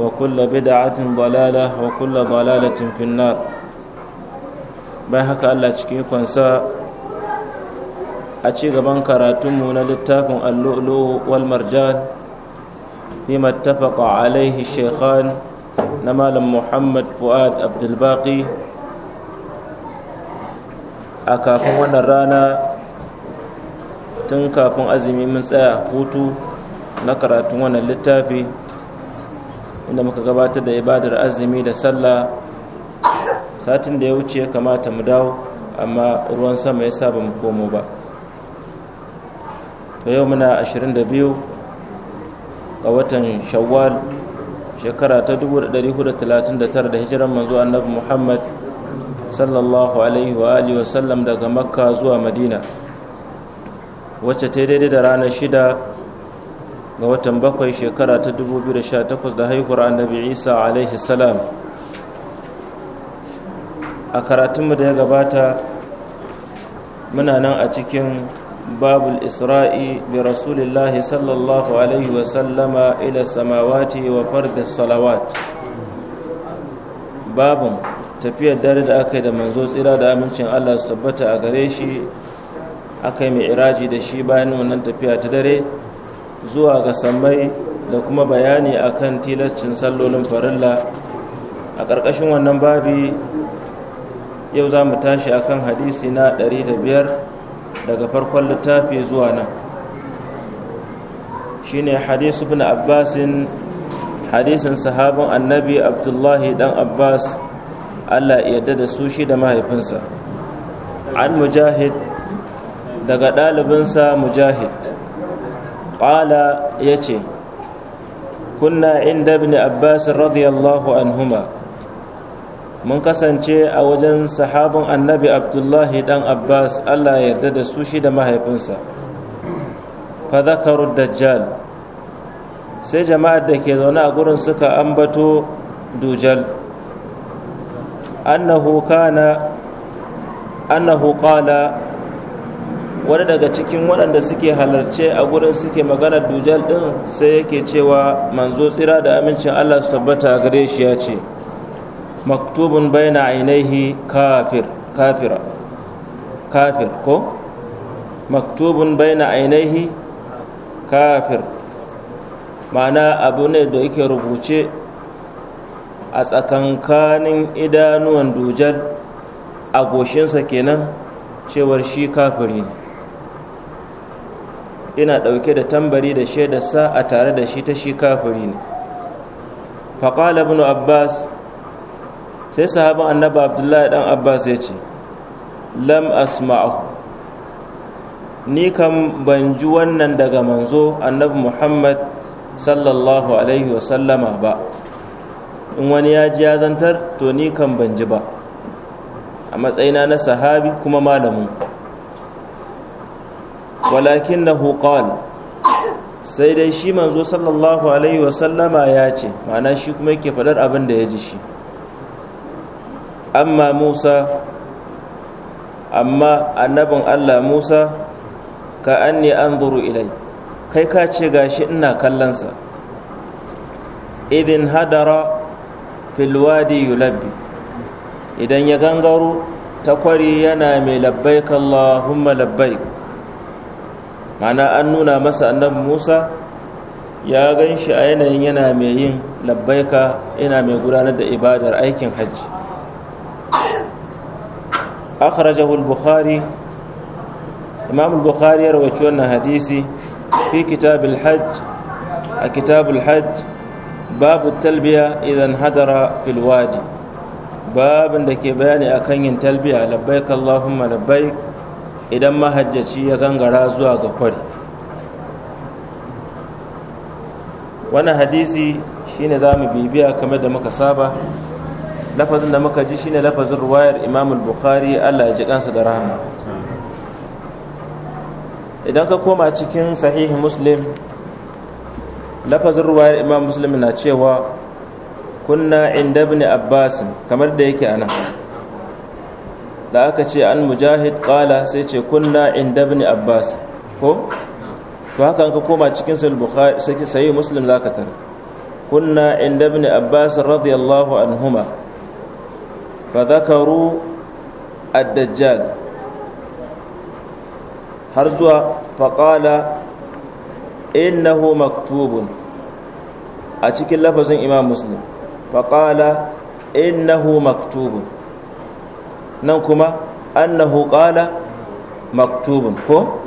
وكل بدعة wa وكل ضلالة في النار bayan haka Allah cikin kwansa a ci gaban karatunmu na littafin allu'ulu wal marjan fi mattafaqa alaihi shekhan na malam muhammad fuad abdulbaki a kafin wannan rana tun kafin azumi mun tsaya hutu na karatun wannan littafi inda muka gabatar da ibadar azumi da sallah satin da ya wuce ya kamata mu dawo amma ruwan sama ya sa ba mu komo ba to yau muna 22 ga watan shawwal shekara ta 1439 da hijiran manzo annabi muhammad sallallahu alaihi wa alihi wa sallam daga makka zuwa madina wacce ta daidai da ranar shida ga watan bakwai shekara ta 2018 da haihuwar annabi isa alaihi salam a karatunmu da ya gabata muna nan a cikin babul isra'i bi rasulillahi sallallahu alaihi wasallama ila samawati wa farda salawat Babun, tafiyar dare da aka yi da manzo tsira da amincin allah su tabbata a gare shi aka yi mai iraji da shi bayan wannan tafiya ta dare zuwa ga sammai da kuma bayani akan tilascin sallolin farilla a ƙarƙashin wannan babi yau za mu tashi akan hadisi na 105 daga farkon littafi zuwa nan shine hadisu bin abbasin hadisin sahabin annabi abdullahi dan abbas allah yadda da su shi da mahaifinsa an mujahid daga ɗalibinsa mujahid qala yace kunna inda ibn abbas radiyallahu anhuma mun kasance a wajen sahabin annabi abdullahi dan abbas allah ya yarda da su shi da mahaifinsa fa zakaru dajjal sai jama'ar da ke zaune a gurin suka ambato dujal annahu kana annahu qala wani daga cikin waɗanda suke halarce a gurin suke maganar dujal ɗin sai yake cewa manzo tsira da amincin allah su tabbata gare shi ya ce maktubun baina ainihi kafir kafira kafir ko maktubun baina ainihi kafir ma'ana abu ne da yake rubuce a tsakankanin idanuwan dujal a goshinsa kenan cewar shi kafiri ne ina ɗauke da tambari da sa a tare da shi ta shi kafiri ne faƙala ibn abbas sai sahaban annabi abdullahi dan abbas ya ce lam asma'ahu ni kam ban ji wannan daga manzo annabi muhammad sallallahu alaihi wasallama ba in wani ya ji ya to ni kan ban ji ba a matsayina na sahabi kuma malamin Walakin walakinahu qala sai dai shi manzo sallallahu alaihi wasallama ya ce ma'ana shi kuma yake faɗar abin da ya ji shi amma musa amma annabin allah musa ka an anzuru an ilai kai ka ce gashi ina kallonsa idin hadara filwadi yulabbi idan ya gangaro ta kwari yana mai labbaik allahumma labbaik mana an nuna masa annabi musa ya gan shi a yanayin yana mai yin labbaika yana mai gudanar da ibadar aikin hajji akhrajahu al-bukhari imam al-bukhari ya rawaci wannan hadisi fi kitab al-hajj a kitab al-hajj babu talbiya idan hadara fil wadi babin da ke bayani akan yin talbiya labbaik allahumma labbaik idan mahajjaci ya gangara zuwa ga kwari wannan hadisi shine za mu bibiya kamar da muka saba lafazin da muka ji shine lafazin ruwayar imam bukhari allah ya ji kansa da rahama idan ka koma cikin sahihi muslim lafazin ruwayar imam muslim na cewa kunna inda ibn abbas kamar da yake a nan da aka ce an mujahid qala sai ce kunna inda ibn abbas ko to haka ka koma cikin sahih bukhari sai muslim zaka tar kunna inda ibn abbas radiyallahu anhuma fa dhakaru ad-dajjal har zuwa fa qala innahu maktubun a cikin lafazin imam muslim fa qala innahu maktubun nan kuma annahu qala maktubun ko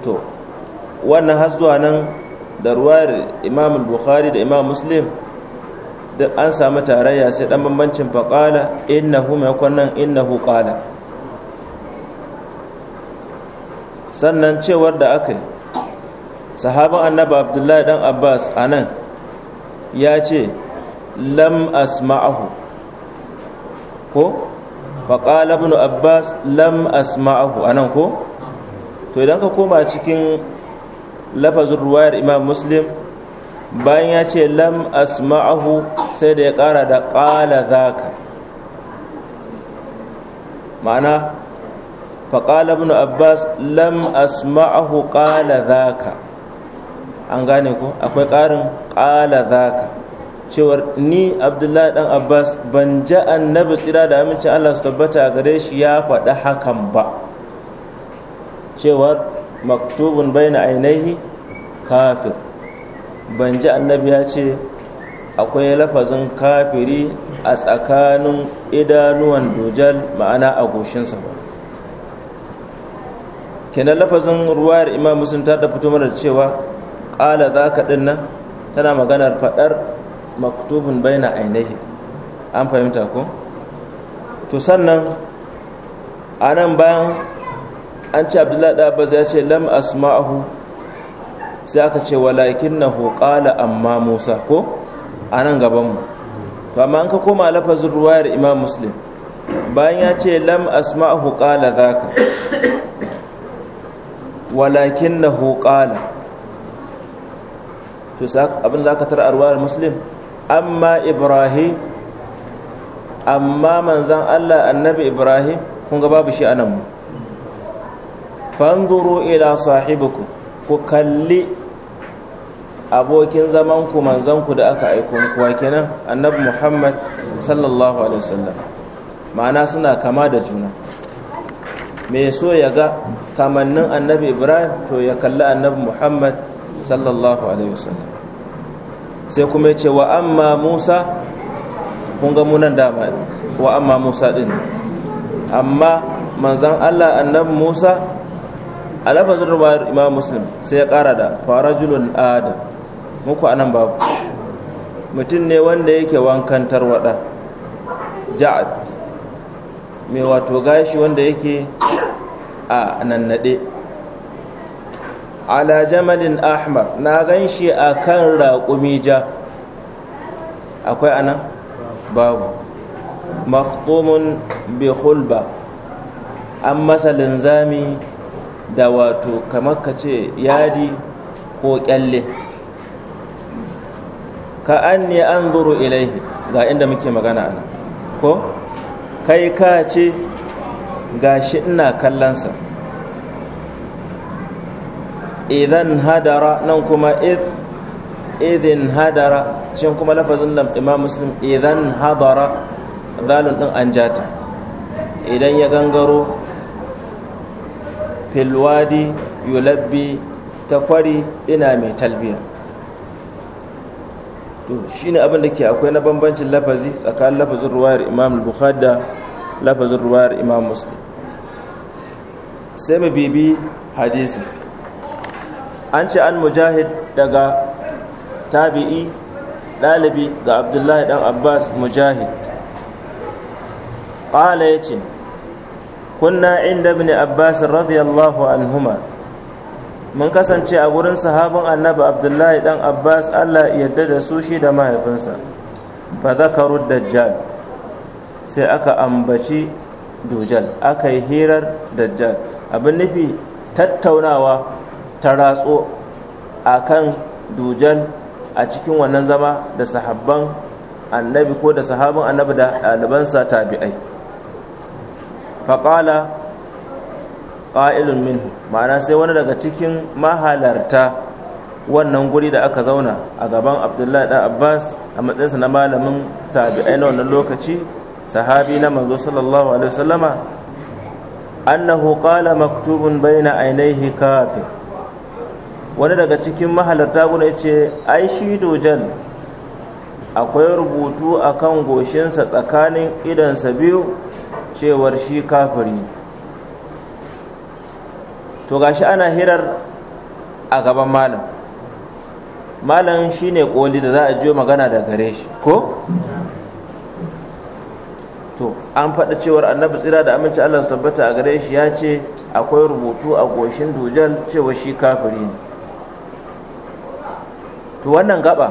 to wannan har zuwa nan da ruwayar imam bukhari da imam muslim duk an samu tarayya sai dan bambancin faqala innahu mai kwannan innahu qala sannan cewar da aka yi sahaban annabi abdullahi dan abbas anan ya ce lam asma'ahu ko faƙala ibn abbas lam asma'ahu anan ko to idan ka koma cikin lafazin ruwayar imam muslim bayan ya ce lam asma'ahu sai da ya ƙara da ƙala zaka ma'ana faƙala ibn abbas lam asma'ahu ƙala zaka an gane ko akwai ƙarin ƙala zaka cewar ni abdullahi dan abbas ban ja annabi tsira da amincin allah su tabbata gare shi ya faɗi hakan ba cewar maktubun baina ainihi kafir ban ji annabi ya ce akwai lafazin kafiri a tsakanin idanuwan dojal ma'ana a goshinsa ba Kina lafazin ruwayar imam muslim ta da fito mana cewa ƙala za ka ɗin tana maganar faɗar maktubun baina ainihi an fahimta ko to sannan a nan bayan an ce abdullahi ɗabaz ya ce lam asma'ahu sai aka ce walakin na hukala amma musa ko a nan gabanmu to amma an ka koma lafazin ruwayar imam muslim bayan ya ce lam asma'ahu qala zaka walakin na hukala to abin za ka tara muslim amma ibrahim amma manzan allah annabi ibrahim kun ga babu shi a nan mu fanzuru ila sahibiku ku kalli abokin zamanku manzanku da aka aiko muku wa kenan annabi muhammad sallallahu alaihi wasallam ma'ana suna kama da juna me so ya ga kamannin annabi ibrahim to ya kalli annabi muhammad sallallahu alaihi wasallam sai kuma ce wa amma musa kun ga munan dama wa amma musa din amma manzan allah annabi musa a lafazin bayar imam muslim sai ya kara da Fara julun adam muku anan babu mutum ne wanda yake wankantar wada. ja'ad mai wato gashi wanda yake a nannade ala jamalin ahmar na gan shi a kan raƙumi ja akwai ana babu makhtumun bi hulba an masa linzami da wato kamar ka ce yadi ko kyalle ka an ne an zuru ilaihi ga inda muke magana ana? ko kai ka ce gashi ina kallonsa idan hadara nan kuma idin hadara shi kuma lafazin da imam muslim idan hadara zalun din an jata idan ya gangaro filwadi yulabbi ta kwari ina mai talbiya to shine abin da ke akwai na bambancin lafazi tsakanin lafazin ruwayar imam bukhari da lafazin ruwayar imam muslim sai mu bibi hadisi. an ce an mujahid daga tabi'i ɗalibi ga abdullahi ɗan abbas mujahid ƙala ya ce kunna inda bin abbas radiyallahu anhuma mun kasance a wurin sahabin annabi abdullahi ɗan abbas allah yadda da su shi da mahaifinsa fa zakaru dajjal sai aka ambaci dujal aka yi hirar dajjal abin nufi tattaunawa ta ratso a kan dujan a cikin wannan zama da sahabban annabi ko da sahabin annabi da ɗalibansa tabi'ai faƙala ƙa'ilun minhu ma'ana sai wani daga cikin mahalarta wannan guri da aka zauna a gaban abdullahi da abbas a matsayinsa na malamin tabi'ai na wannan lokaci sahabi na manzo sallallahu alaihi wasallama annahu qala maktubun baina ainihi kafir wani daga cikin mahalarta guda ce ai shi dojal akwai rubutu a kan goshinsa tsakanin idansa biyu cewar shi kafiri to gashi ana hirar a gaban malam malam shine koli da za a jiyo magana da gare shi ko to an faɗa cewar annabi tsira da aminci allah su tabbata a gare shi ya ce akwai rubutu a goshin dujal cewa shi kafiri ne to wannan gaba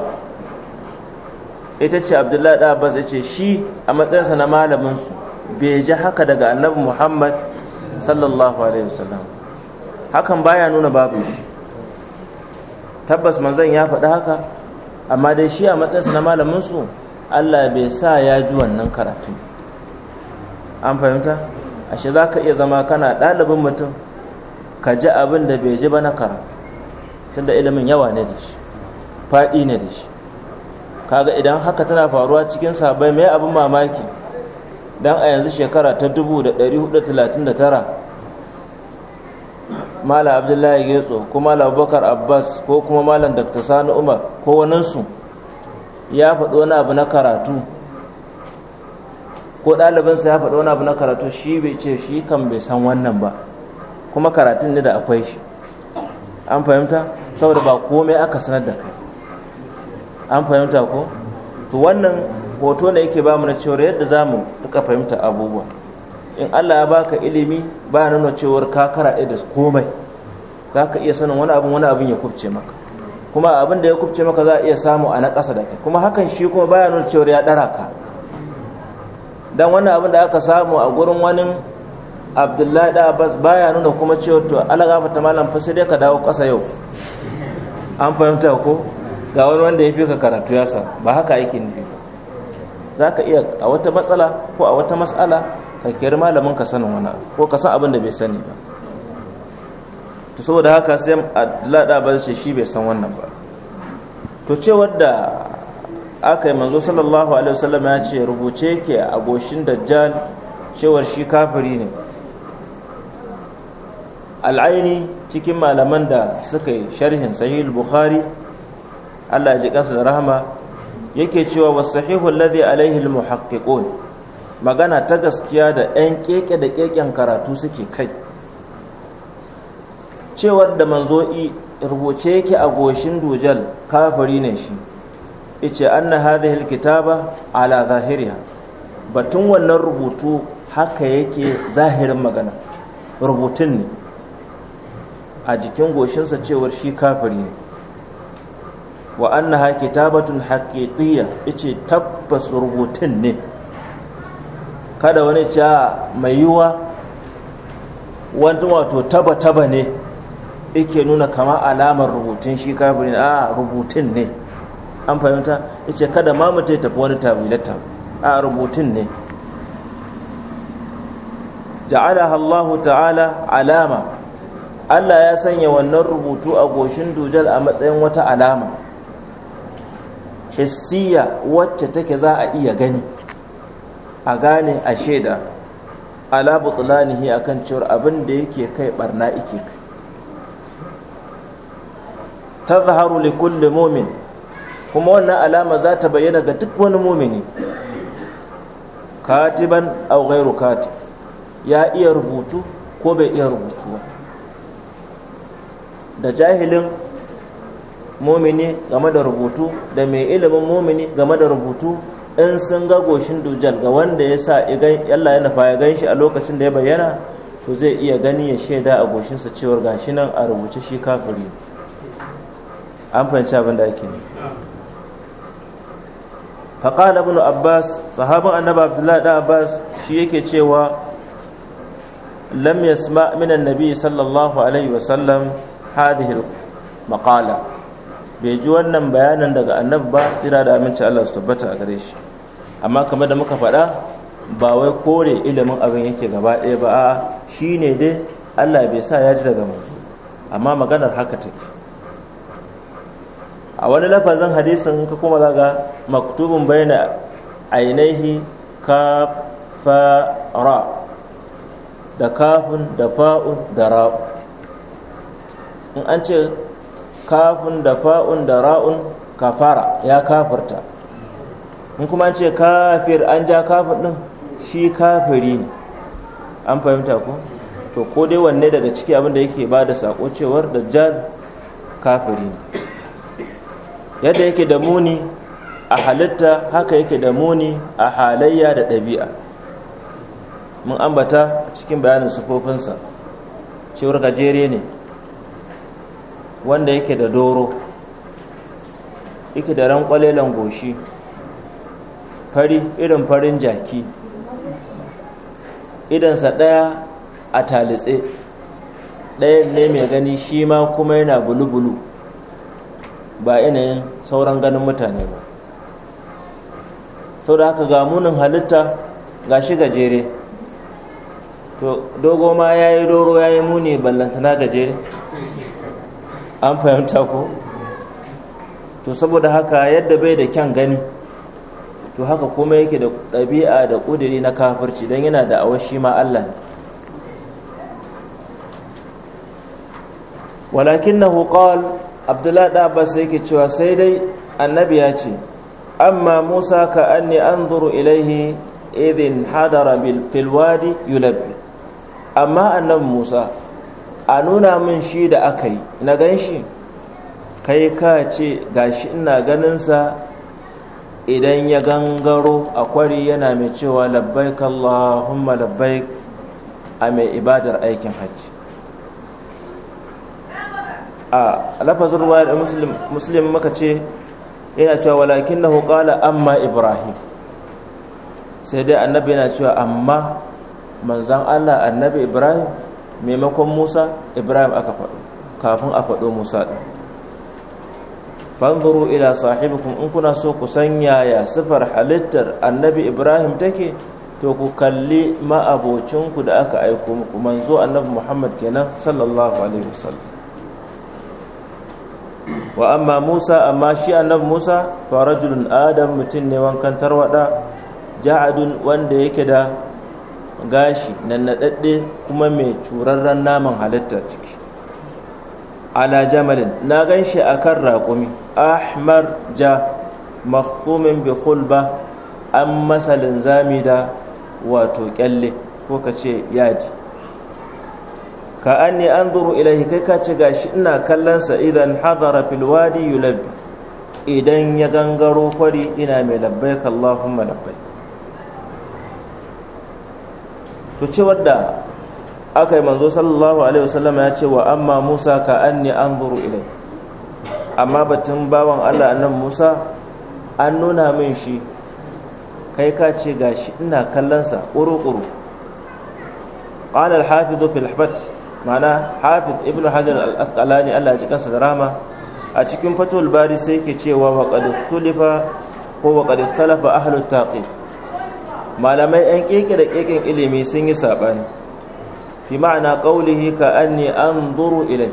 ita ce abdullahi da abbas ce shi a matsayinsa na malaminsu bai ji haka daga annabi muhammad sallallahu alaihi wasallam hakan baya nuna babu shi tabbas manzon ya faɗi haka amma dai shi a matsayinsa na malaminsu allah bai sa ya ji wannan karatu an fahimta ashe za ka iya zama kana ɗalibin mutum ka ji abin da bai ji ba na karatu tunda ilimin yawa ne da shi faɗi ne da shi kaga idan haka tana faruwa cikin sabai mai abin mamaki don a yanzu shekara ta 1439 mala abdullahi getso ko mala abubakar abbas ko kuma malam dr sani umar ko waninsu ya faɗi wani abu na karatu ko ɗalibinsa ya faɗi wani abu na karatu shi bai ce shi kan bai san wannan ba kuma karatun ne da akwai shi an fahimta saboda ba komai aka sanar da kai an fahimta ko to wannan hoto ne yake bamu na cewar yadda za mu duka fahimta abubuwa in allah ya baka ilimi ba nuna cewar ka kara da komai za ka iya sanin wani abin wani abin ya kubce maka kuma abin da ya kubce maka za a iya samu a na ƙasa da kai kuma hakan shi kuma baya nuna cewar ya ɗara ka dan wannan abin da aka samu a gurin wani abdullahi da abbas baya nuna kuma cewa to allah alaga fata malam fa sai dai ka dawo ƙasa yau an fahimta ko ga wani wanda ya fi ka karatu ya sa ba haka aikin ne ba za ka iya a wata matsala ko a wata matsala ka kiyar malamin ka sanin wani ko ka san abin da bai sani ba to saboda haka sai a lada ba shi bai san wannan ba to ce wadda aka yi manzo sallallahu alaihi wasallam ya ce rubuce ke a goshin dajjal cewar shi kafiri ne al'aini cikin malaman da suka yi sharhin sahih bukhari Allah ya ji kansa da rahama yake cewa wasu wasahihu alladhi alaihi almuhaqqiqun magana ta gaskiya da 'yan keke da keken karatu suke kai cewar da manzo'i rubuce yake a goshin dujal kafiri ne shi ice anna hadhihi alkitaba ala zahiriha batun wannan rubutu haka yake zahirin magana rubutun ne a jikin goshinsa cewar shi kafiri ne wa annaha kitabatun haqiqiyya yace tabbas rubutun ne kada wani cha ah, mai yuwa wani wato taba taba ne yake nuna kama alamar rubutun shi kafiri a ah, rubutun ne an fahimta yace kada ma mutai tafi wani tabilata a ah, rubutun ne ja'alaha Allah ta'ala alama Allah ya sanya wannan rubutu a goshin dujal a matsayin wata alama hissiya wacce take za a iya gani a gane a shaida ala butlanihi akan cewar abin da yake kai barna ike kai tazharu li kulli mu'min kuma wannan alama za ta bayyana ga duk wani mumini katiban aw ghairu katib ya iya rubutu ko bai iya rubutu da jahilin mumini game da rubutu da mai ilimin mumini game da rubutu in sun ga goshin dujal ga wanda ya sa yalla ya nafa ya shi a lokacin da ya bayyana to zai iya gani ya shaida a goshinsa cewar gashi nan a rubuce shi kafiri an fahimci abin da ake ne ibn abbas sahabin annabi abdullahi da abbas shi yake cewa lam yasma minan nabi sallallahu alaihi wasallam hadhihi maqala bai ji wannan bayanin daga annabi ba tsira da aminci Allah su tabbata a gare shi amma kamar da muka faɗa ba wai kore ilimin abin yake gaba ɗaya ba a'a ne dai Allah bai sa ya ji daga manzo amma maganar haka take a wani lafazin hadisin ka kuma zaga maktubun baina ainihi ka fa da kafin da fa'un da ra in an ce kafin da fa'un da ra'un kafara ya kafirta in kuma ce kafir an ja kafir din shi kafiri ne an fahimta ko to ko dai wanne daga ciki abin da yake ba da sako cewar da jan kafiri ne yadda yake da muni a halitta haka yake da muni a halayya da ɗabi'a mun ambata cikin bayanin sufofinsa cewar gajere ne wanda yake da doro yake da ran kwalelan goshi fari irin farin jaki idansa ɗaya a talitse ɗaya ne mai gani shi ma kuma yana bulu-bulu ba yanayin sauran ganin mutane ba sau da haka ga munin halitta ga shi gajere to dogo ma ya yi doro ya yi muni ballantana gajere an fahimta ko to saboda haka yadda bai da kyan gani to haka kuma yake da ɗabi'a da ƙudiri na kafirci don yana da awashi ma Allah walakin na hukawar abdullahi ɗabas yake cewa sai dai annabi ya ce amma musa ka an ne an zuru ilaihi idin hadara filwadi yulabi amma annabi musa a nuna min shi da aka yi na gan shi kai ka ce gashi ina ganinsa idan ya gangaro a kwari yana mai cewa labbaik Allahumma labbaik a mai ibadar aikin hajji a lafazin ruwa da musulmi muka ce yana cewa walakin na hukala amma ibrahim sai dai annabi yana cewa amma manzan allah annabi ibrahim maimakon musa ibrahim aka faɗo kafin a faɗo musa ɗin fanzuru ila sahibikum in kuna so ku san yaya sifar halittar annabi ibrahim take to ku kalli ma'abocinku da aka aiko muku manzo annabi muhammad kenan sallallahu alaihi wasallam wa amma musa amma shi annabi musa fa rajulun adam mutum ne wankan tarwada ja'adun wanda yake da gashi nannaɗaɗɗe kuma mai curarren naman halittar ciki ala jamalin na gan shi a kan raƙumi ahmar ja makhtumin bi khulba an masa linzami da wato kyalle ko ka ce yadi ka an ne an zuru ilahi kai ka ce gashi ina kallonsa idan hadara filwadi yulabi idan ya gangaro kwari ina mai labbaik allahumma labbaik to ce da aka yi manzo sallallahu alaihi wasallam ya ce wa amma musa ka an zuru ilai amma batun bawan allah annan musa an nuna min shi kai ka ce shi ina kallonsa ƙuruƙuru ƙanar hafi fil habat ma'ana hafiz ibn hajar al-asqalani allah ya kansa da rama a cikin fatul bari sai ke cewa wa qad ikhtalafa ko wa qad ikhtalafa malamai yan keke da keken ilimi sun yi saɓani fi ma'ana ƙaulihi ka anni an duru ilai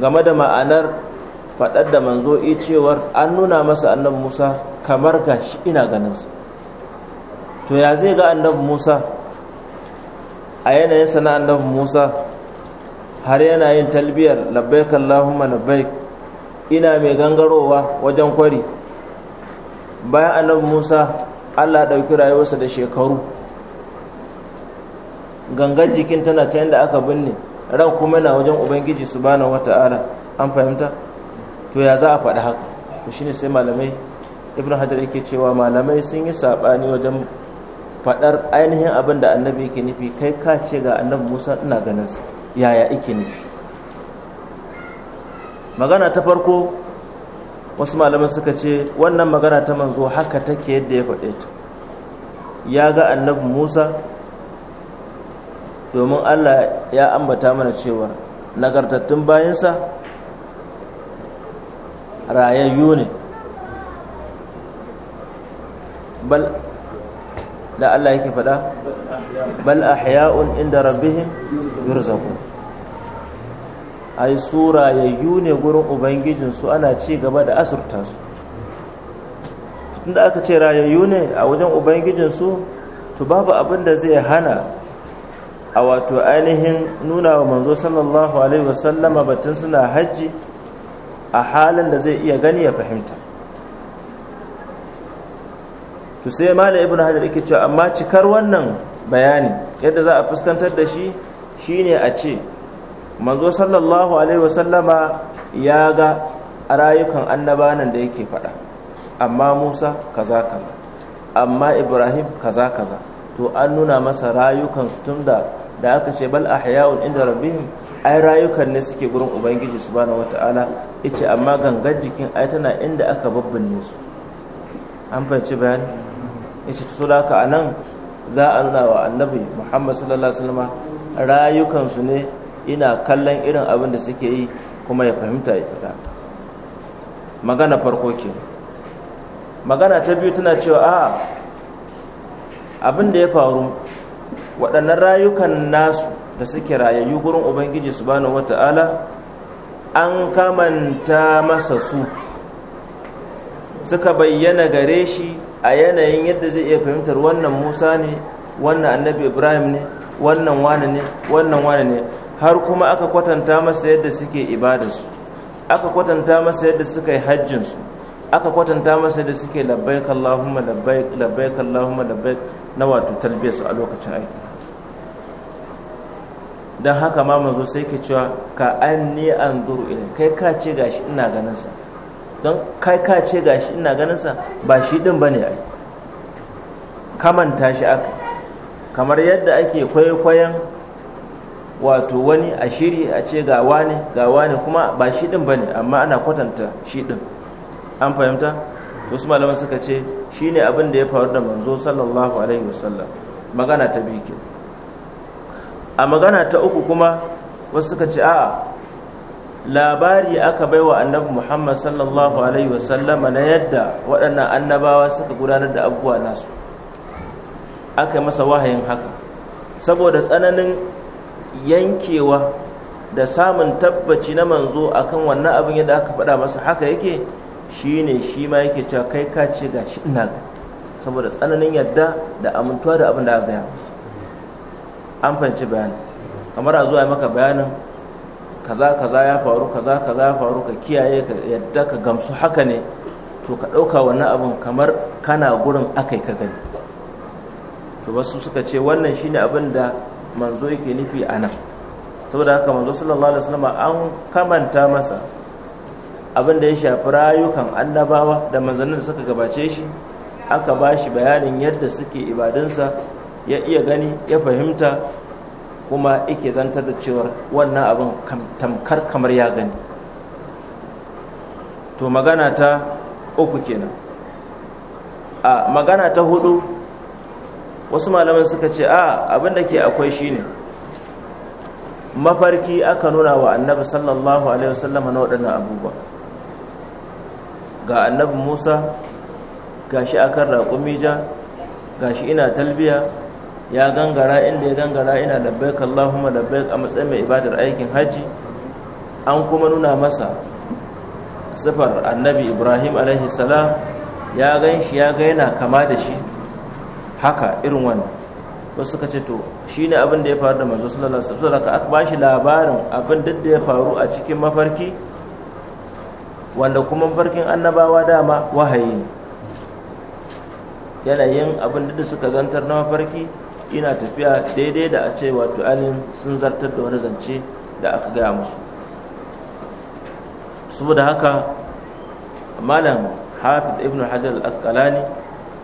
game da ma'anar faɗar da manzo cewar an nuna masa annabi musa kamar ga shi ina ganinsa to ya zai ga annabi musa a yanayin sana annabi musa har yana yin talbiyar labbaik allahumma labbaik ina mai gangarowa wajen kwari bayan annabi musa Allah ɗauki rayuwarsa da shekaru gangar jikin tana ta yadda aka binne ran kuma na wajen ubangiji su bana wata'ala an fahimta to ya za a faɗi haka to ne sai malamai ibn hadar yake cewa malamai sun yi saɓani wajen faɗar ainihin abin da annabi yake nufi kai ka ce ga annabi musa ina ganin su, yaya yake nufi magana ta farko wasu malaman suka ce wannan magana ta manzo haka take yadda ya faɗe ta ya ga annabi musa domin allah ya ambata mana cewa nagartattun bayansa rayayyu ne bal da allah yake faɗa bal ahya'un inda rabbihim yurzaqun ai su rayayyu ne gurin ubangijinsu ana ci gaba da azurta su da aka ce rayayyu ne a wajen ubangijinsu to babu abin da zai hana a wato ainihin nuna wa manzo sallallahu alaihi wasallama batun suna hajji a halin da zai iya gani ya fahimta to sai mala ibn hajar yake cewa amma cikar wannan bayani yadda za a fuskantar da shi shine a ce manzo sallallahu alaihi wasallama ya ga rayukan annabanan da yake faɗa amma musa kaza kaza amma ibrahim kaza kaza to an nuna masa rayukan su tun da da aka ce bal ahya'un inda rabbihim ai rayukan ne suke gurin ubangiji subhanahu wata'ala yace amma gangan jikin ai tana inda aka babbinne su an fahimci bayani yace to haka anan za a nuna wa annabi muhammad sallallahu alaihi wasallama rayukan su ne ina kallon irin abin da suke yi kuma ya fahimta ya fita magana farko ke magana ta biyu tana cewa a abin da ya faru waɗannan rayukan nasu da suke rayayyu gurin ubangiji su bani wata'ala an kamanta masa su suka bayyana gare shi a yanayin yadda zai iya fahimtar wannan musa ne wannan annabi ibrahim ne wannan wane ne wannan wane ne har kuma aka kwatanta masa yadda suke ibadarsu aka kwatanta masa yadda suka yi hajjinsu aka kwatanta masa yadda suke labbaik Allahumma labbaik labbaik Allahumma labbaik na wato talbiyar su a lokacin aiki don haka ma manzo sai ke cewa ka an duru ilin kai ka ce gashi ina ganin sa don kai ka ce gashi ina ganin sa ba shi din bane ai kamanta shi aka kamar yadda ake kwaikwayon wato wani a shiri a ce ga wani ga wani kuma ba shi din bane amma ana kwatanta shi din an fahimta to su malaman suka ce shine abin da ya faru da manzo sallallahu alaihi wasallam magana ta biki ke a magana ta uku kuma wasu suka ce a'a labari aka wa annabi Muhammad sallallahu alaihi wasallama na yadda waɗannan annabawa suka gudanar da abubuwa nasu aka yi masa wahayin haka saboda tsananin yankewa da samun tabbaci na manzo akan wannan abin yadda aka faɗa masa haka yake shine shi ma yake cewa kai ka ce ga shi ina ga saboda tsananin yadda da amintuwa da abin da aka gaya masa an fanci bayani kamar a zuwa maka bayanin kaza kaza ya faru kaza kaza ya faru ka kiyaye ka yadda ka gamsu haka ne to ka ɗauka wannan abin kamar kana gurin akai ka gani to wasu suka ce wannan shine abin da manzo yake nufi a nan saboda haka manzo sallallahu alaihi wasallam an kamanta masa abin da ya shafi rayukan annabawa da manzannin da suka gabace shi aka ba shi bayanin yadda suke ibadunsa ya iya gani ya fahimta kuma yake zantar da cewar wannan abin tamkar kamar ya gani to magana ta uku kenan a magana ta hudu wasu malaman suka ce a abin da ke akwai shine mafarki aka nuna wa annabi sallallahu alaihi wasallam na waɗannan abubuwa ga annabi musa gashi akan raƙumija ja gashi ina talbiya ya gangara inda ya gangara ina labbaik Allahumma labbaik a matsayin mai ibadar aikin hajji an kuma nuna masa sifar annabi Ibrahim alaihi salam ya gan shi ya ga yana kama da shi haka irin wannan wasu suka ce to shi ne abin da ya faru da manzo sallallahu alaihi wasallam saboda aka shi labarin abin da ya faru a cikin mafarki wanda kuma mafarkin annabawa dama wahayi ne yanayin abin da suka zantar na mafarki ina tafiya daidai da a ce wato alim sun zartar da wani zance da aka gaya musu saboda haka malam hafid ibn hajar al-asqalani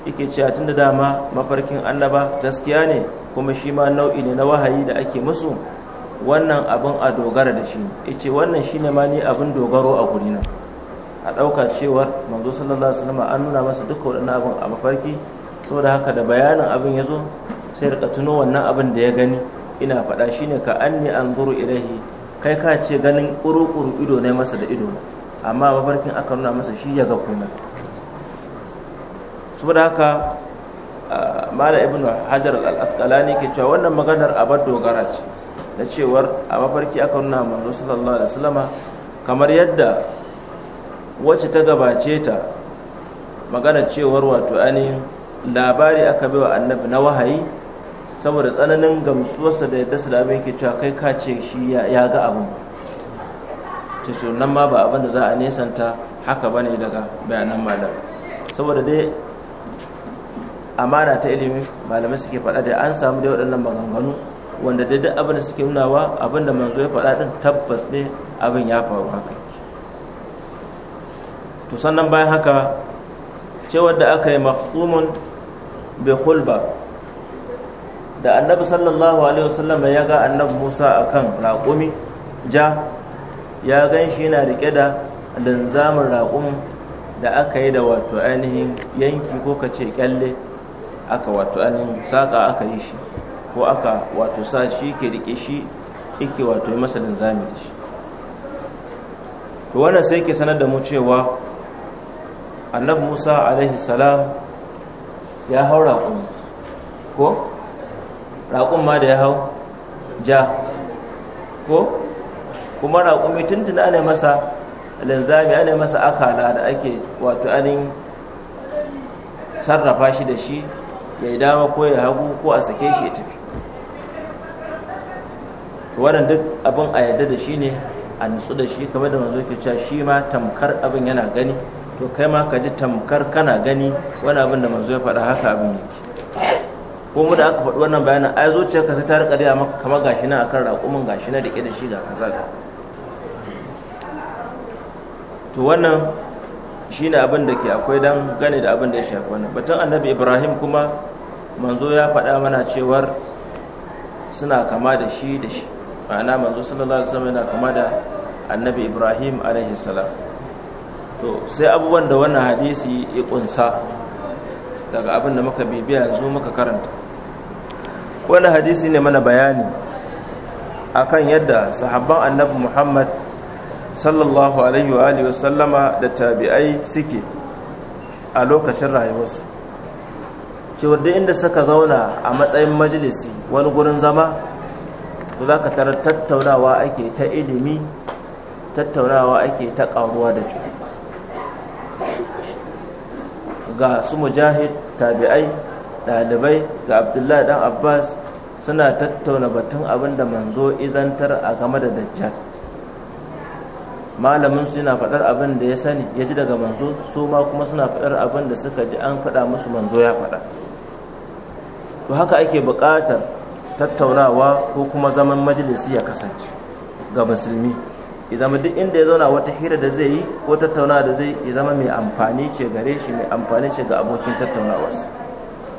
yake cewa tunda dama mafarkin annaba gaskiya ne kuma shi ma nau'i ne na wahayi da ake musu wannan abin a dogara da shi yace wannan shine ma ni abin dogaro a na a ɗauka cewar manzo sallallahu alaihi wasallam an nuna masa duka waɗannan abin a mafarki saboda haka da bayanin abin ya zo sai rika tuno wannan abin da ya gani ina faɗa shine ka anni anzuru ilaihi kai ka ce ganin kurukuru ido ne masa da ido amma mafarkin aka nuna masa shi ya ga kuma saboda haka mana ibn hajar al ke cewa wannan maganar abar dogara ce na cewar a mafarki aka nuna manzo sallallahu alaihi wasallama kamar yadda wacce ta gabace ta maganar cewar wato ani labari aka bai wa annabi na wahayi saboda tsananin gamsuwarsa da yadda sulami yake cewa kai ka ce shi ya ga abin ta nan ma ba abin da za a nesanta haka bane daga bayanan malam saboda dai amana ta ilimi malamai suke faɗa da an samu da waɗannan maganganu wanda daidai abin da suke nunawa abin da manzo ya faɗa ɗin tabbas ne abin ya faru haka to sannan bayan haka cewar da aka yi mafhumun bi khulba da annabi sallallahu alaihi wasallam ya ga annabi Musa akan raƙumi ja ya gan shi yana rike da linzamin raƙumin da aka yi da wato ainihin yanki ko kace kyalle aka wato anin saƙa aka yi shi ko aka wato sa shi ke rike shi yake wato masa linzami da shi to wannan sai ke sanar da mu cewa annabi musa alaihi salam ya hau raƙumi ko raƙun ma da ya hau ja ko kuma raƙumi tuntuna ana masa linzami ana masa akala da ake wato anin sarrafa shi da shi ya yi dama ko ya hagu ko a sake shi ya tafi wannan duk abin a yarda da shi ne a nutsu da shi kamar da manzo ke cewa shi ma tamkar abin yana gani to kai ma ka ji tamkar kana gani wani abin da manzo ya faɗa haka abin yake ko mu da aka faɗi wannan bayanin ai zuciyarka sai ta rika da maka kamar gashi na akan raƙumin gashi na da ke da shi ga kaza to wannan Shi ne abin da ke akwai don gane da abin da ya shafi wani batun annabi ibrahim kuma manzo ya faɗa mana cewar suna kama da shi da shi ma'ana manzo sallallahu alaihi wasallam yana kama da annabi ibrahim alaihi salam to sai abubuwan da wannan hadisi ya kunsa daga abin da muka bibiya yanzu muka karanta wannan hadisi ne mana bayani akan yadda sahabban annabi muhammad sallallahu alaihi wa alihi wasallama da tabi'ai suke a lokacin rayuwarsu cewar da inda suka zauna a matsayin majalisi wani gurin zama to za ka tarar tattaunawa ake ta ilimi tattaunawa ake ta ƙaruwa da juna ga su mujahid tabi'ai ɗalibai ga abdullahi dan abbas suna tattauna batun abinda manzo izantar a game da dajjal malamin su yana faɗar abin da ya sani ya ji daga manzo su ma kuma suna faɗar abin da suka ji an faɗa musu manzo ya faɗa to haka ake buƙatar tattaunawa ko kuma zaman majalisi ya kasance ga musulmi zama duk inda ya zauna wata hira da zai yi ko tattaunawa da zai ya zama mai amfani ce gare shi mai amfani ce ga abokin tattaunawa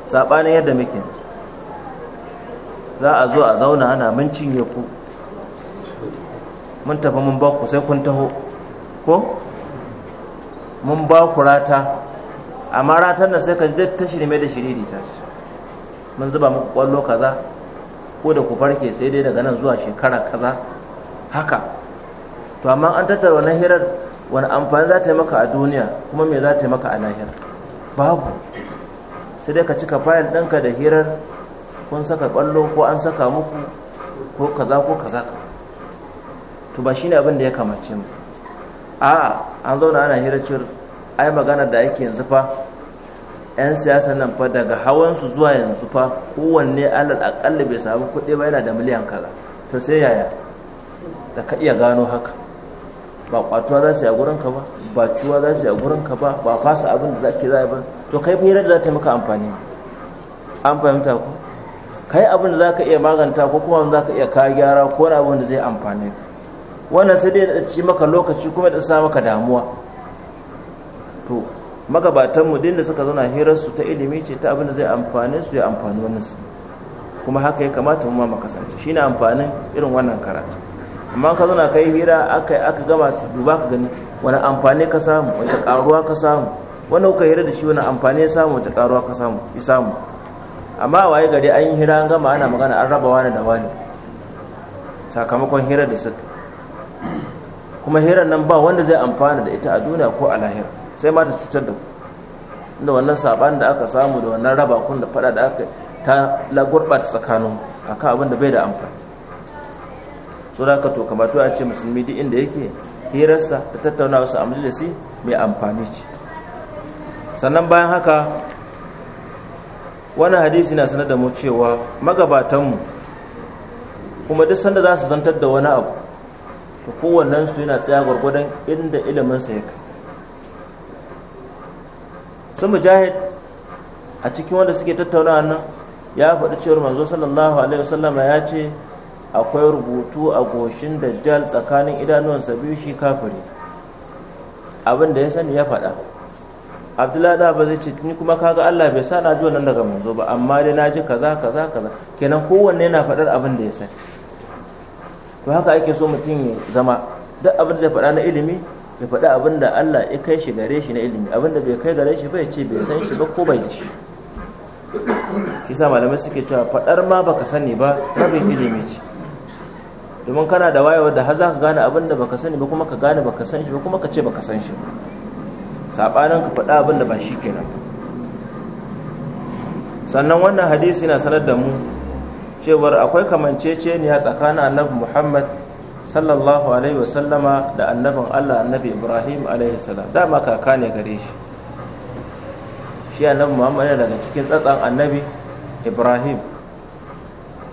saɓanin yadda muke za a zo a zauna ana mun cinye ku mun tafi mun ba ku sai kun taho ko mun ba ku rata amma ratar nan sai ka ji duk ta shirme da shiriri ta mun zuba muku kwallo kaza ko da ku farke sai dai daga nan zuwa shekara kaza haka to amma an tattara wannan hirar wani amfani za ta yi maka a duniya kuma me za ta yi maka a lahira babu sai dai ka cika fayil ɗinka da hirar kun saka kwallo ko an saka muku ko kaza ko kaza ka to ba shine abin da ya kamace mu a'a an zauna ana hira cewar ai magana da yake yanzu fa yan siyasa nan fa daga hawan su zuwa yanzu fa kowanne alal akalla bai samu kuɗi ba yana da miliyan kaza to sai yaya da ka iya gano haka ba kwatuwa za su yi a gurin ka ba ba ciwa za su yi a gurin ka ba ba fasa abin da za ke zai ba to kai hira da za ta maka amfani an fahimta ku kai abin da za ka iya maganta ko kuma za ka iya kawo gyara ko wani abin da zai amfani ka wannan sai dai da ci maka lokaci kuma da sa maka damuwa to magabatan mu dinda da suka zauna hirar su ta ilimi ce ta abin da zai amfane su ya amfani wannan su kuma haka ya kamata mu ma mu kasance shine amfanin irin wannan karatu amma ka zauna kai hira aka aka gama duba ka gani wani amfani ka samu wata karuwa ka samu wani kuka hira da shi wani amfani ya samu wata karuwa ka samu ya samu amma waye gari an yi hira an gama ana magana an raba wani da wani sakamakon hira da suka kuma hirar nan ba wanda zai amfana da ita a duniya ko a lahira sai ma ta cutar da ku inda wannan saban da aka samu da wannan raba kun da fada da aka ta lagurɓata tsakanin kan abin da bai da amfani so da to kamatu a ce musulmi duk inda yake hirarsa da tattaunawa su a majalisi mai amfani ce sannan bayan haka wani hadisi na sanar da mu cewa magabatanmu kuma duk sanda za su zantar da wani abu to kowannen su yana tsaya gwargwadon inda iliminsa ya kai su mujahid a cikin wanda suke tattaunawa nan ya faɗi cewar manzo sallallahu alaihi wasallam ya ce akwai rubutu a goshin dajjal tsakanin idanuwansa biyu shi kafiri abin da ya sani ya faɗa abdullahi da ba zai ce ni kuma kaga Allah bai sa na ji wannan daga manzo ba amma dai na ji kaza kaza kaza kenan kowanne yana faɗar abin da ya sani to haka ake so mutum ya zama duk abin da zai faɗa na ilimi ya faɗi abin da Allah ya kai shi gare shi na ilimi abin da bai kai gare shi bai ce bai san shi ba ko bai shi kisa malamai suke cewa faɗar ma baka sani ba rabin ilimi ce domin kana da wayewa da har za ka gane abin da baka sani ba kuma ka gane baka san shi ba kuma ka ce baka san shi ba saɓanin ka faɗa abin da ba shi kenan sannan wannan hadisi na sanar da mu cewar akwai kamanceceniya tsakanin annabi muhammad sallallahu alaihi wasallama da annabin allah annabi ibrahim alaihi salam dama kaka ne gare shi shi annabi muhammad ne daga cikin tsatsan annabi ibrahim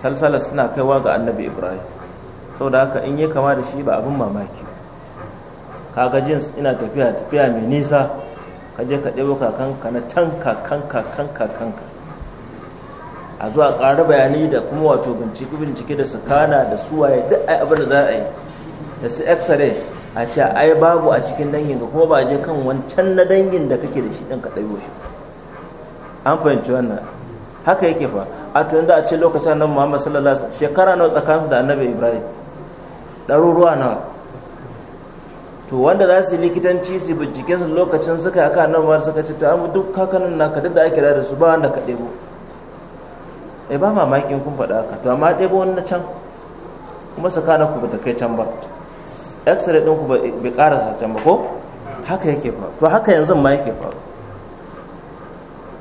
salsala suna kaiwa ga annabi ibrahim saboda haka in yi kama da shi ba abin mamaki kaga jins ina tafiya tafiya mai nisa ka je ka ɗebo kakanka na can kakan kakan kanka. a zuwa ƙara bayani da kuma wato bincike bincike da sakana da suwaye duk ai abin da za a yi da su x-ray a ce ai babu a cikin dangin ka kuma ba a je kan wancan na dangin da kake da shi ɗin ka ɗayo shi an fahimci wannan haka yake fa a to yanzu a ce lokacin nan muhammad sallallahu alaihi wasallam shekara nawa tsakansu da annabi ibrahim ɗaruruwa nawa to wanda za su yi likitanci su bincike su lokacin suka yi aka annabi suka ce to an duk kakanin naka duk da ake da su ba wanda ka ɗebo eh ba mamaki kun faɗa haka to amma ɗaya ba wani na can kuma tsakanin ku ba ta kai can ba x-ray ɗin ku bai ƙarasa can ba ko haka yake faru to haka yanzu ma yake faru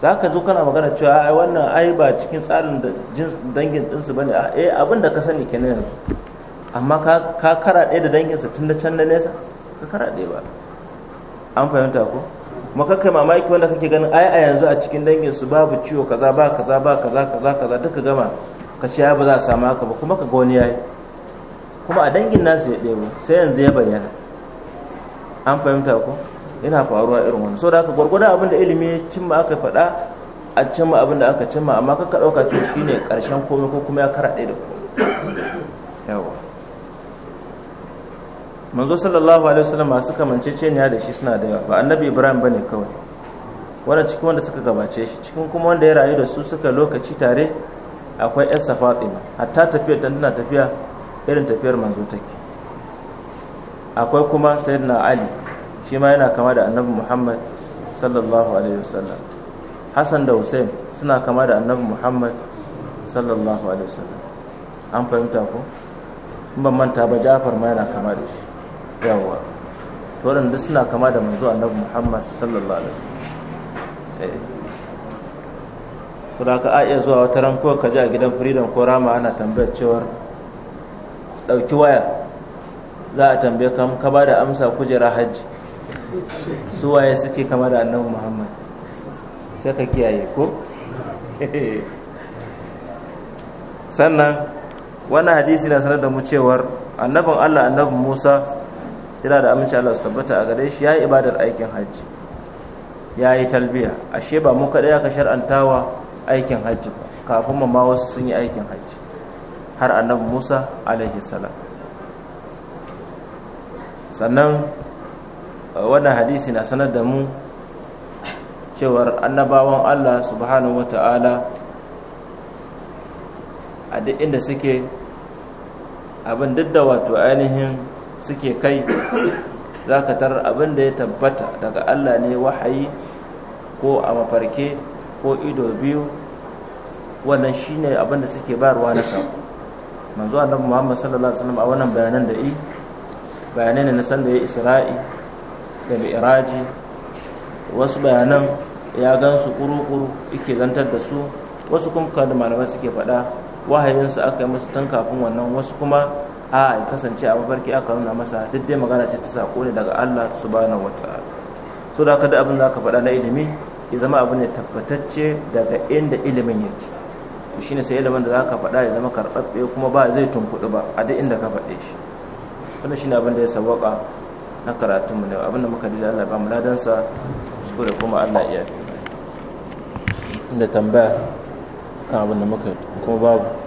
za ka zo kana magana cewa ai wannan ai ba cikin tsarin da dangin ɗinsu ba ne ah, eh abin da ka sani kenan yanzu amma ka kara ɗaya da danginsa tun da can na nesa ka kara ɗaya ba an fahimta ko kuma kakkai mamaki wanda kake ganin ai a yanzu a cikin dangin su babu ciwo kaza ba kaza ba kaza kaza kaza duka gama ka ce ba za a samu haka ba kuma ka ga wani yayi kuma a dangin nasu ya ɗebo sai yanzu ya bayyana an fahimta ko yana faruwa irin wannan saboda da haka gwargwadon abin da ilimi ya cimma aka faɗa a cimma abin da aka cimma amma kakka ɗauka to shine ƙarshen komai ko kuma ya karaɗe da komai yawa manzo sallallahu alaihi wasallam masu ne da shi suna da yawa ba annabi ibrahim bane kawai wannan cikin wanda suka gabace shi cikin kuma wanda ya rayu da su suka lokaci tare akwai yarsa fatima hatta tafiyar ta tana tafiya irin tafiyar manzo take akwai kuma sayyidina ali shi ma yana kama da annabi muhammad sallallahu alaihi wasallam hassan da hussein suna kama da annabi muhammad sallallahu alaihi wasallam an fahimta ko ban manta ba jafar ma yana kama da shi yawa waɗanda suna kama da manzo annabi muhammad sallallahu alaihi wasallam kuma eh. ka a iya zuwa wata ran ko ka ji a gidan freedom ko rama ana tambayar cewar ɗauki waya za a tambaye kam ka ba da amsa kujera hajji su waye suke kama da annabi muhammad sai ka kiyaye ko sannan wannan hadisi na sanar da mu cewar annabin allah annabin musa tsira da aminci Allah su tabbata a gare shi yayi ibadar aikin hajji yayi talbiya ashe ba mu kadai aka shar'antawa aikin hajji ba kafin mu ma wasu sun yi aikin hajji har annabi Musa alaihi salam sannan uh, wannan hadisi na sanar da mu cewar annabawan Allah subhanahu wata'ala a duk inda suke abin duk da wato ainihin suke kai za ka tarar abin da ya tabbata daga Allah ne wahayi ko a mafarke ko ido biyu wannan shine abin da suke bayarwa na sako manzo annabi Muhammad sallallahu alaihi wasallam a wannan bayanan da yi bayanan ne na san da ya Isra'i da Mi'raji wasu bayanan ya gansu kuru-kuru yake zantar da su wasu kuma malamai suke faɗa wahayinsu aka yi musu tun kafin wannan wasu kuma a ya kasance a mafarki aka nuna masa duk dai magana ce ta sako ne daga Allah subhanahu wataala so da ka da abin zaka faɗa na ilimi ya zama abu ne tabbatacce daga inda ilimin yake to shine sai ilimin da zaka faɗa ya zama karɓaɓɓe kuma ba zai tunkuɗu ba a duk inda ka faɗe shi wannan shine abin da ya sawwaka na karatunmu ne abin da muka dida Allah ba mu su kuskure kuma Allah yi inda tambaya kan abin da muka kuma babu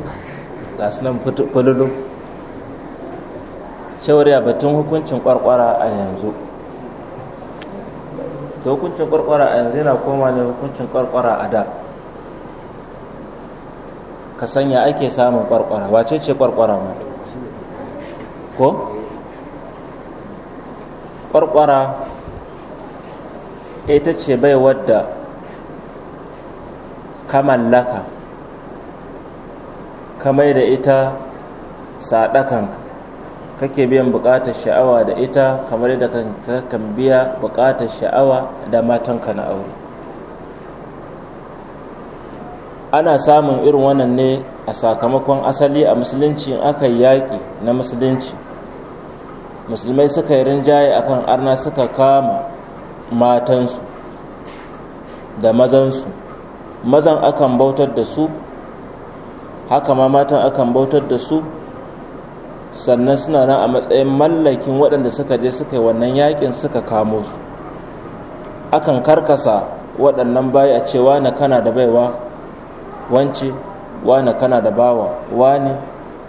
gasu nan fululu cewar ya batun hukuncin kwarkwara a yanzu ta hukuncin kwarkwara a yanzu yana koma ne hukuncin kwarkwara a da ka sanya ake samun kwarkwara wace ce kwarkwara ma ko kwarkwara ita ce bai wadda ka mallaka ka da ita sadakanka kake biyan bukatar sha'awa da ita kamar da kan biya bukatar sha'awa da matanka na aure ana samun irin wannan ne a sakamakon asali a musulunci aka yi yaƙi na musulunci musulmai suka yi rinjaye a kan arna suka kama matansu da mazansu mazan akan bautar da su haka ma matan akan bautar da su sannan suna nan a matsayin mallakin waɗanda suka je suka yi wannan yakin suka kamo su akan karkasa waɗannan bayi a ce wane kana da baiwa wance wane kana da bawa wane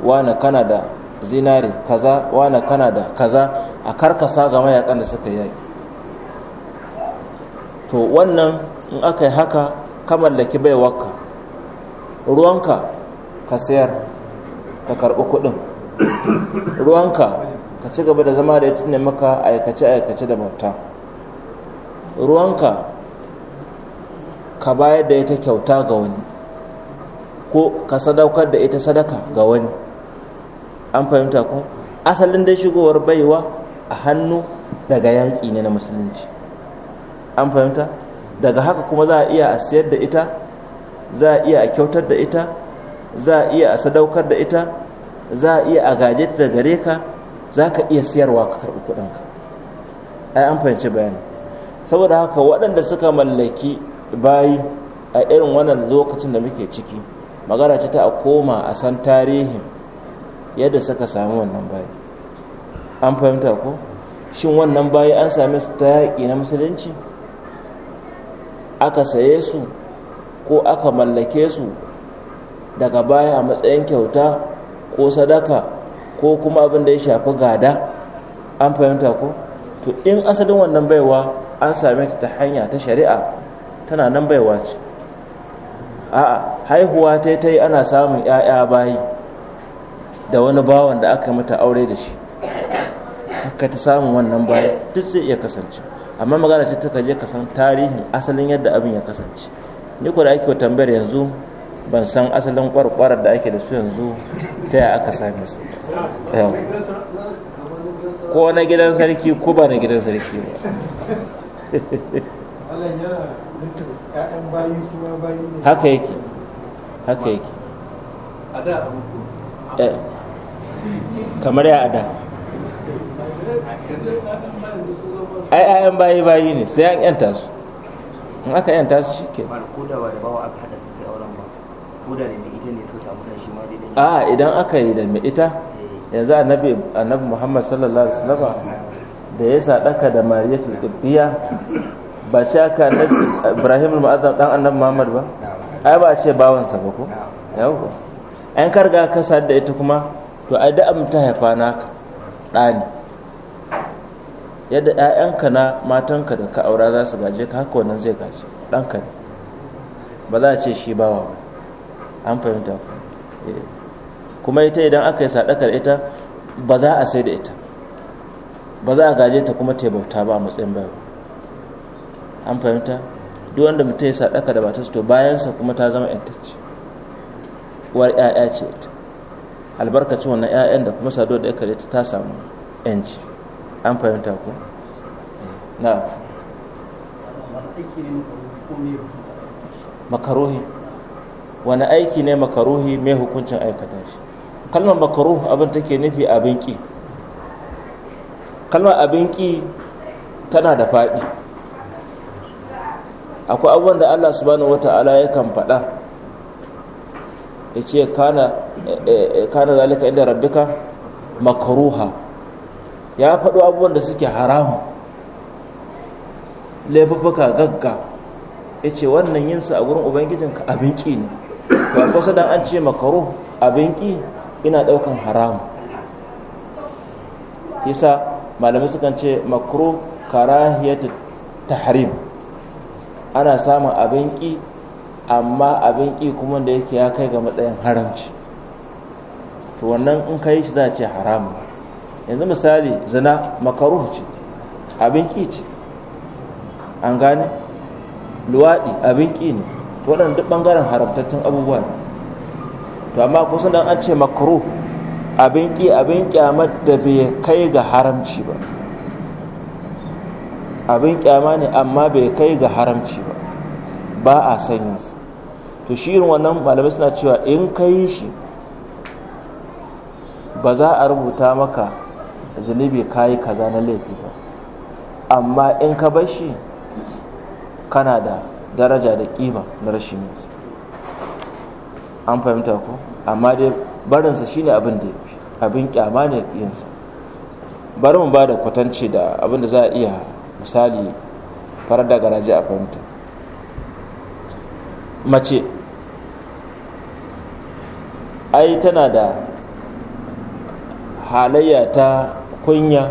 wane kana da zinari kaza wane kana da kaza a karkasa ga mayakan da suka yaki to wannan in aka yi haka ka mallaki baiwarka ruwanka ka sayar ka karɓi kuɗin ruwanka ka ci gaba da zama da ya tunne maka aikace aikace da bauta ruwanka ka bayar da ita kyauta ga wani ko ka sadaukar da ita sadaka ga wani an fahimta ko asalin dai shigowar baiwa a hannu daga yaƙi ne na musulunci an fahimta daga haka kuma za a iya a siyar da ita za a iya a kyautar da ita za a iya a sadaukar da ita za a iya a gaje ta gare ka za ka iya siyarwa ka karɓi kuɗinka ai an fahimci bayani saboda haka waɗanda suka mallaki bayi a irin wannan lokacin da muke ciki magana ce ta a koma a san tarihin yadda suka sami wannan bayi an fahimta ko shin wannan bayi an same su ta yaƙi na musulunci aka saye su ko aka mallake su daga baya a matsayin kyauta ko sadaka ko kuma abin da ya shafi gada an fahimta ko to in asalin wannan baiwa an same ta ta hanya ta shari'a tana nan baiwa ce a'a haihuwa ta ta yi ana samun 'ya'ya bayi da wani bawan da aka mata aure da shi haka ta samun wannan bayi duk zai iya kasance amma magana ce ta je ka san tarihin asalin yadda abin ya kasance ni ko da ake tambayar yanzu ban san asalin kwarkwarar da ake da su yanzu ta ya aka sami su ko na gidan sarki ko ba na gidan sarki ba haka yake haka yake eh. kamar ya ada ai ayan bayi bayi ne sai an yanta su in aka yanta su shi ke ba ko da bawa aka hada ko da mai ita ne so samu shi ma a idan aka yi da mai ita eh. yanzu annabi annabi Muhammad sallallahu alaihi wasallam da ya sadaka da Mariyatu Qibbiya ba ce aka annabi Ibrahim al-Mu'azzam dan annabi Muhammad ba ai ba ce bawansa ba ko yawa an karga ka da ita kuma to ai da amta haifa naka ɗani yadda ƴaƴanka na matanka da ka aura za su gaje ka haka wannan zai gaje ɗanka ne ba za a ce shi bawa ba an fahimta kuma ita idan aka yi sadakar ita ba za a sai da ita ba za a gaje ta kuma taimauta ba a matsayin bai an fahimta duk wanda mutum ya sadaka da matarsa to bayansa kuma ta zama yantacce uwar 'ya'ya ce ita albarkacin wannan 'ya'yan da kuma saduwar da aka ta ta samu yanci an fahimta ko na makarohi wani aiki ne makaruhi mai hukuncin aikata shi kalmar makaruh abin take nufi abin ki kalmar abin ki tana da faɗi akwai abubuwan da allah subhanahu ya kan faɗa ya ce eh, eh, kana zalika inda rabbika makaruha ya faɗo abubuwan da suke haramu laifuffuka gagga ya ce wannan yinsa a gurin ubangijinka abin ƙi ne ba kusa dan an ce makaruh abin ki ina daukan haram kisa malamai sukan ce makruh karahiyatu tahrim ana samun abin ki amma abin ki kuma da yake ya kai ga matsayin haramci to wannan in kai shi za ce haram yanzu misali zina makaruh ce abin ki ce an gane luwaɗi abin ƙi ne to waɗanda duk ɓangaren haramtattun abubuwa ne to amma kusan dan an ce makaro abin ƙi abin ƙyamar da bai kai ga haramci ba abin ƙyama ne amma bai kai ga haramci ba ba a sanya su, to shi irin wannan malamai suna cewa in ka yi shi ba za a rubuta maka zunubi kayi kaza na laifi ba amma in ka bar shi kana da daraja da kima na rashin yinsa an fahimta ko amma dai barinsa shine abin da abin kyama ne yinsa bari mu ba da kwatanci da abin da za a iya misali farar da garaje a fahimta mace ai tana da halayya ta kunya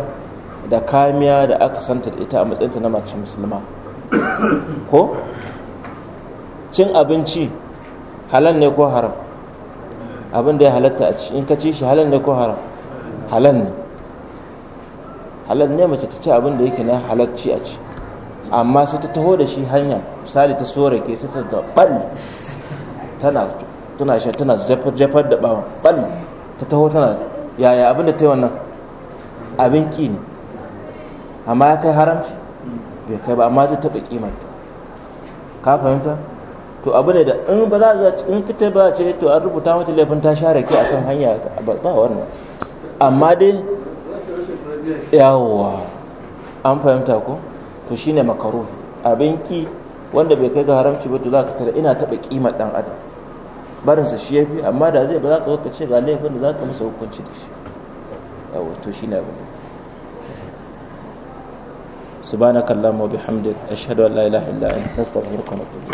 da kamiya da aka santa ita a matsayinta na mace musulma ko cin abinci halal ne ko haram abin da ya halatta a ci in ka ci shi halal ne ko haram halal ne halal ne mace ta ci abin da yake na halarci a ci amma sai ta taho da shi hanya misali ta sore ke sai ta da ɓal tana tana tana jefar da bawan ɓal ta taho tana yaya abin da ta yi wannan abin ki ne amma ya kai haramci bai kai ba amma zai taɓa kimanta ka fahimta to abu ne da in ba za a in kita ba ce to an rubuta mata laifin ta share ke akan hanya ba wannan amma dai yawwa an fahimta ko to shine makaru abin ki wanda bai kai ga haramci ba to za ka tara ina taɓa kimar ɗan adam barinsa shi ya fi amma da zai ba za ka waka ce ga laifin da za ka masa hukunci da shi yawwa to shine abu da سبحانك اللهم وبحمدك أشهد أن لا إله إلا أنت نستغفرك ونتوب